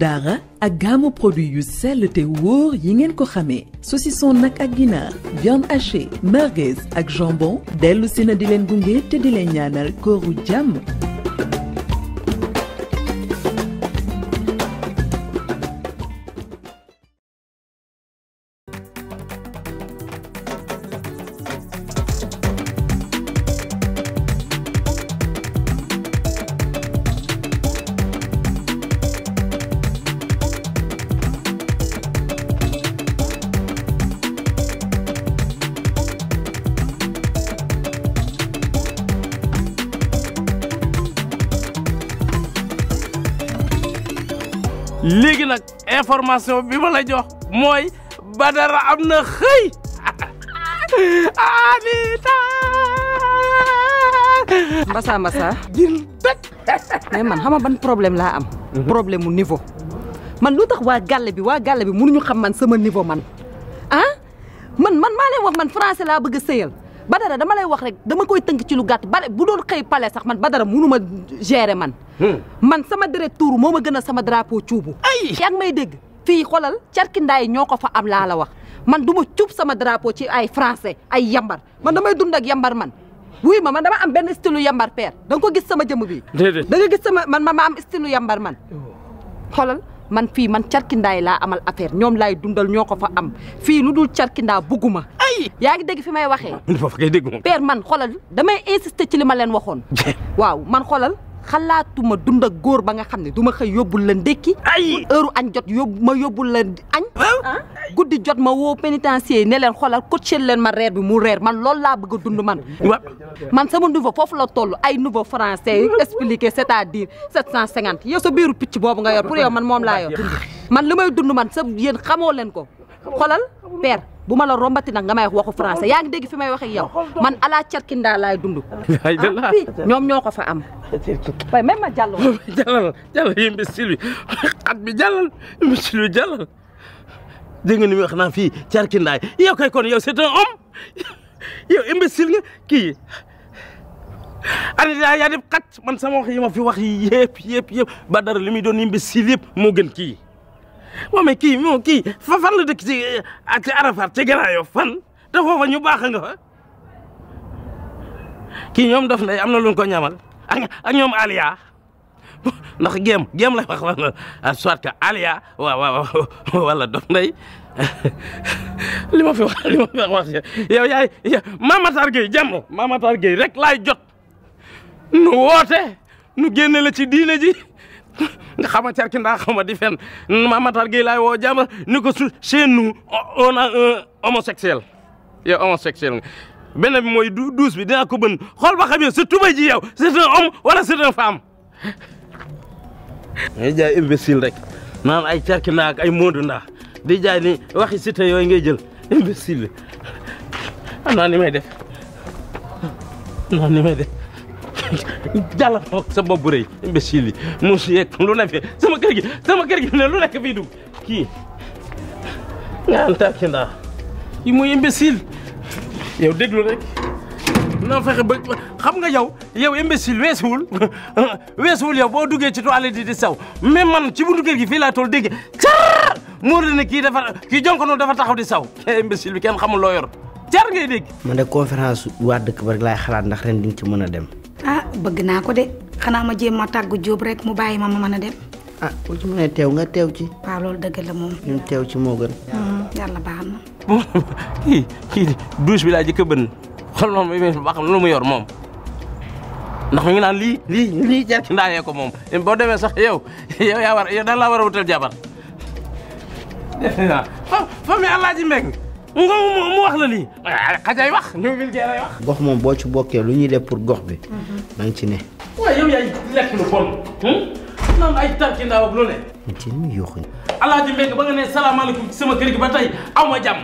daara ak gaamu produit yu sell te wóor yi ngeen ko xamee saucisson nag ak ginaar viande hachée merguez ak jambon dellu si na di leen gunge te di leen ñaanal kooru jàmm légui nak information bi ma la jox moy Badara amna xey Anita mbasa mbasa dil tek mais man xama ban problème la am mhm. problème niveau man lutax wa galle bi wa galle bi munuñu xam man sama niveau man ah man man maa leen wax man français la bëgg a Badara dama lay wax rek dama koy tënk ci lu gàtt bare bu doon xëy palais sax man Badara munu ma gérer man. Hmm. man sama deret moo ma gën a sama drapo cuubu. ay yaa dégg fii xoolal carkindaay ñoo ko fa am laa la wax man du ma cuub sama drapo ci ay français ay yambar man damay dund ak yambar man. wuy ma man dama am benn stylu yambar père da nga ko gis sama jëmm bi. déedéet gis sama man ma am stylu yambar man. Oh. xoolal man fii man carkindaay laa amal affaire ñoom laay dundal ñoo ko fa am fii lu dul carkindaa bugguma yaa ngi dégg fi may waxee foofu kay dégg moom père man xoolal damay insister ci li ma leen waxoon waaw man xoolal xalaatuma dund ak góor ba nga xam ne duma ma xëy yóbbul la ndékki ay heure añ jot yóbbu ma yóbbul la añ ah? guddi jot ma woo pénitencier ne leen xoolal coaché leen ma reer bi mu reer man loolu laa bëgg a dund man man sama nouveau foofu la toll ay nouveau français expliqué c'est-à-dire sept cent cinquante yow sa biiru picc boobu nga yor pour yow man moom laa yor man li may dund man sa yéen xamoo leen ko xolal père buma la rombati nak ngamay waxu français yaangi deg fi may waxe yow man ala cerkindaa laay dund ah, ñoom ñoo ko fa am bay même ma jàll jallal jàllal imbécile bi xat bi jàllal imbécile bi jàllal dégg nga ni wax naa fii cerkindaay yow kay kon yow c'est un homme yow imbécile nga kii Aliou ya def xat man sama wax yi ma fi wax yep yep yep ba dara li muy doon imbécile gën ki moom it kii moom kii fa fan la dëkk ci eh, ak Arafat ci Grand Yoff fan te foofa ñu baax nga fa. kii ñoom daf nday am na luñ ko ñamal ak ñoom Aliya ndax géem géem lay wax ah, soit que Aliya waaw waaw wala daf nday li ma fi wax li ma fi wax wax yow yaay Mamatar Gueye jàmm rek lay jot nu woote nu génne la ci diine ji. nga xama cerki ndaa xama di fen Mamatar Gueye laay woo jàmm ni ko su chez nous homosexuel yow homosexuel nga bi mooy douze bi dinaa ko bën xool ba xam yow sa tuba ji yow c'est un homme wala c'est une rek naan ay cerki ndaa ak ay moodu ndaa di jaay ni waxi si te yooyu ngay jël imbécile bi am naa ni may jàll sa bopp bu rëy imbécile yi muus yeeg lu ne fi sama kër gi sama kër gi ne lu nekk fii dugg kii nga am tàkki ndaa yi muy imbécile yow déglu rek na fexe ba xam nga yow yow imbécile weesuwul weesuwul yow boo dugee ci toilette yi di saw mais man ci buntu kër gi fii laa toll dégg car moo la ne kii dafa kii jonkono dafa taxaw di saw imbécile bi kenn xamul loo yor car ngay dégg man de conférence waa dëkk ba rek laay xalaat ndax ren di nga ci mën a dem bëgg naa ko de xanaa ma jéem ma tàggu Jóob rek mu bàyyi ma ma mën a dem. ah bu ci mënee teew nga teew ci. waaw loolu dëgg la moom. ñun teew ci moo gën. Hmm, yàlla baax na. moom kii kii douche bi laa jëkk a bënn xool moom ba xam lu mu yor moom ndax mi ngi naan lii lii lii jar ci ndaanee ko moom boo demee sax yow yow yaa war yow daan laa war a wutal jabar. defe naa fa fa mi Alaaji Mbeng nga mu wax la lii. Ah, xajay wax ñu vulgaire ay wax. gox moom boo ci bokkee lu ñuy de pour gox bi. Mhm. da nga ci ne. waaye yow yaay lekk lu bon. Hmm? naan ay tànki ndaw ak lu ne. ci nu muy yokkuñu. alaaji Mbeng ba nga ne salaamaaleykum sama kër gi ba tey aw ma jàmm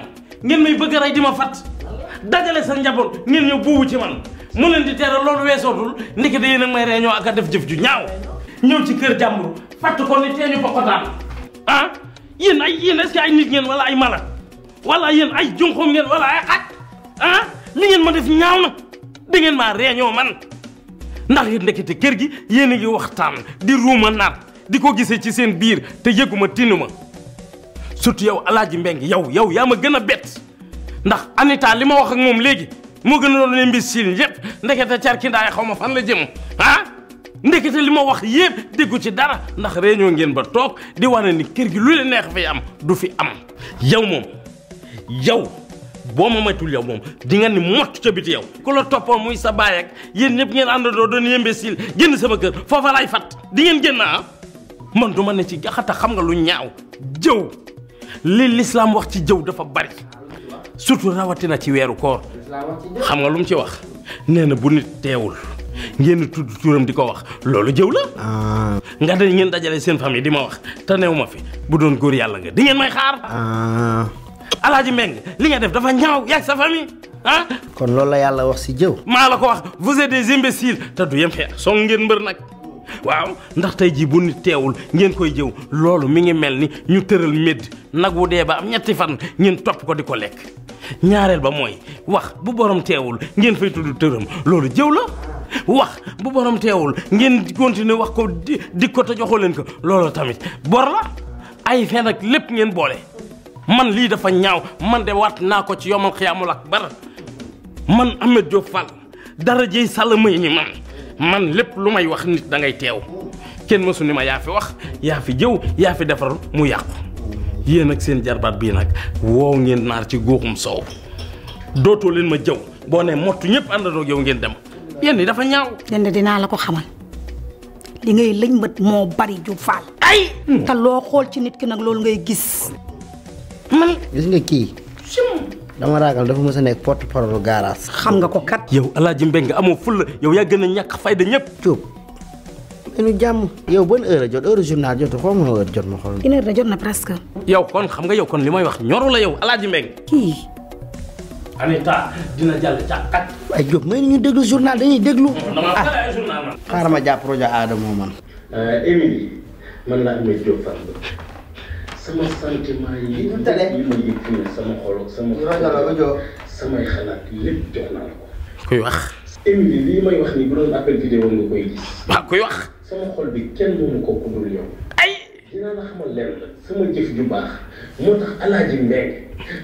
ngeen may bëgg a rey di ma fat dajale sa njaboot ngeen ñëw buubu ci man mu leen di teere loolu weesootul ndeke da yéen a may reeñoo ak a def jëf ju ñaaw ñëw ci kër jàmbur fàtt ko ni teeñu ko kotaan ah yéen ay yéen est-ce wala ay mala wala yéen ay jonxoom ngeen wala ay xaj ah li ngeen ma def ñaaw na da ngeen maa réñoo man ndax yéen ndekete kër gi yéen a ngi waxtaan di ruuma naat di ko gisee ci seen biir te yëguma tinuma surtout yow alaaji mbeng yow yow yaa ma gën a bett ndax Anita li ma wax ak moom léegi moo gën a doon ne mbis siin yëpp ndekete carkindaay xaw ma fan la jëm ah ndekete li ma wax yëpp déggu ci dara ndax réñoo ngeen ba toog di wane ni kër gi lu leen neex fi am du fi am yow moom yow bo ma matul yow mom di nga ni mot ci biti yow ko la topo muy sa bay ak yeen ñep ngeen do doon imbécile genn sama keur fofa lay fat di ngeen genn ah man duma ma ne ci jaxata xam nga lu ñaaw jëw li l'islam wax ci jëw dafa bari surtout na ci wéru koor xam nga lu ci wax neena bu nit teewul ngeen tuddu turam di kawah. wax lolu jëw la. Ah. nga dañ ngeen dajale seen famille di ma wax ta neew fi bu doon yalla nga di ngeen may xaar. Ah. alaaji Meng li nga def dafa ñaaw yàgg sa famille ah. kon loolu la yàlla wax si jëw. maa la ko wax vous êtes des te du yem soo ngeen mbër nag waaw ndax tey jii bu nit teewul ngeen koy jëw loolu mi ngi mel ni ñu tëral médd nag wu dee ba am ñetti fan ngeen topp ko di ko lekk ñaareel ba mooy wax bu borom teewul ngeen fay tudd tëram loolu jëw la. wax bu borom teewul ngeen continuer wax ko di ko te joxoo leen ko loolu tamit bor la ay fen ak lépp ngeen boole. man li dafa ñaaw man de wat na ko ci yomul khiyamul akbar man Ahmed Diop Fall dara jey sàll may ni man man lepp lu may wax nit da ngay tew kenn mësu ni ma ya fi wax ya fi jew ya fi defar mu yaq yeen ak seen jarbat bi nak wo ngeen nar ci góoxum sow doto len ma jew bo ne motu ñepp andado yow ngeen dem yeen ni dafa ñaaw den dina la ko xamal li ngay leñ mo bari ju fall ay ta lo xol ci nit ki nak lol ngay gis man gis nga kii. dama ragal dafa mës a nekk porte parole garage. xam nga ko kat. yow Alaaji nga amoo fulla yow yaa gën a ñàkk fayda ñëpp. Diop. nañu jàmm. yow ban a jot heure jot jot ma xool. une heure da jot na presque. yow kon xam nga yow kon li may wax ñoru la yow Alaaji Mbeng. kii. Anita dina jàll càkkat. waaye Diop ñu déglu journal dañuy déglu. ah xaaral ma jàpp rajo man. Euh, Émilie man laa amee Diop fan sama sentiment yi. yu tële yi ma yëg fi ne sama xol sama. samay xalaat lépp jox naa la ko. kuy wax. Émilie lii wax nii bu doon appel vidéo nga koy kuy wax. sama xol bi kenn moomu ko ku dul yow. ay dinaa la xamal lenn sama jëf ju baax moo tax alaaji Mbengue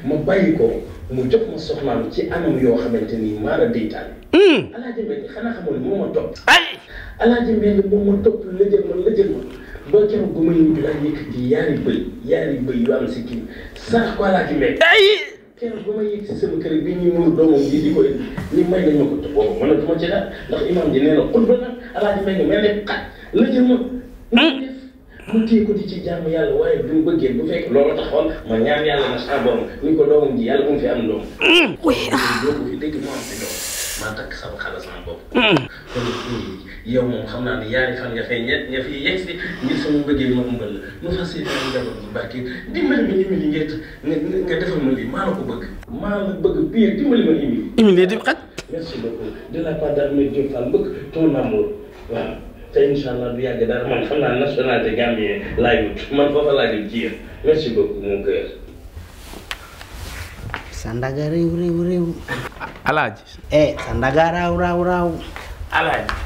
ma bàyyi ko mu jox ma soxlaam ci anam yoo xamante ni maa la deytaal. Hmm. alaaji Mbengue xanaa xamul moo ma topp. ay alaaji Mbengue moo ma topp lëjël ma lëjël ma. mbokkam gu may wuti ak yëkkati yaari bëy yaari bëy yu am si kii ko laa ci nekk. keroog ba ma yegg si sama kër bi ñuy muur doomam ji di ko indi ni may nañ ma ko te boobu mënatuma ci dara ndax imam ji nee na xutba na alaaji may ne xat la jël ma. Hmm? ko di ci jàmm yàlla waaye bu mu bëggee bu fekk a taxawal ma ñaan yàlla na saa borom ni ko doomam ji yàlla bu fi am doom. oui ah moo am si doom maa takk sama xalaat sama bopp. Hmm. yow moom xam naa ne yaari fan nga fay ñett nga fiy yegg si ngir sama bëggee ma umbal la nu fas yéene njaboot bu barke dimbali ma Émilie ngett nga nga defal ma lii maa la ko bëgg. maa la bëgg biir dimbali ma Émilie. Émilie di xaj. merci beaucoup de la part d'Ahmed Diop Fall bëgg ton amour waaw te incha allah du yàgg dara man xam naa nationalité gambien laay wut man foofa laa di jiir merci beaucoup mon cœur. Sandaga réew réew réew. Alaaji. eh Sandaga raaw raaw raaw. Alaaji.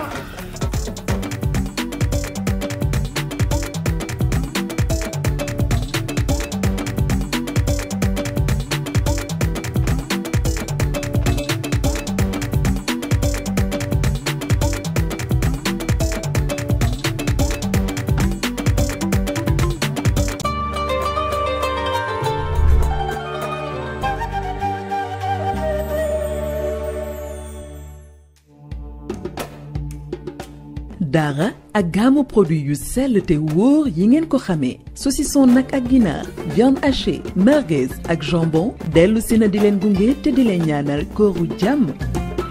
daara ak gaamu produit yu sell te wóor yi ngeen ko xamee saucisson nag ak ginaar viande hachée merguez ak jambon dellu si na di leen gunge te di leen ñaanal kooru jàmm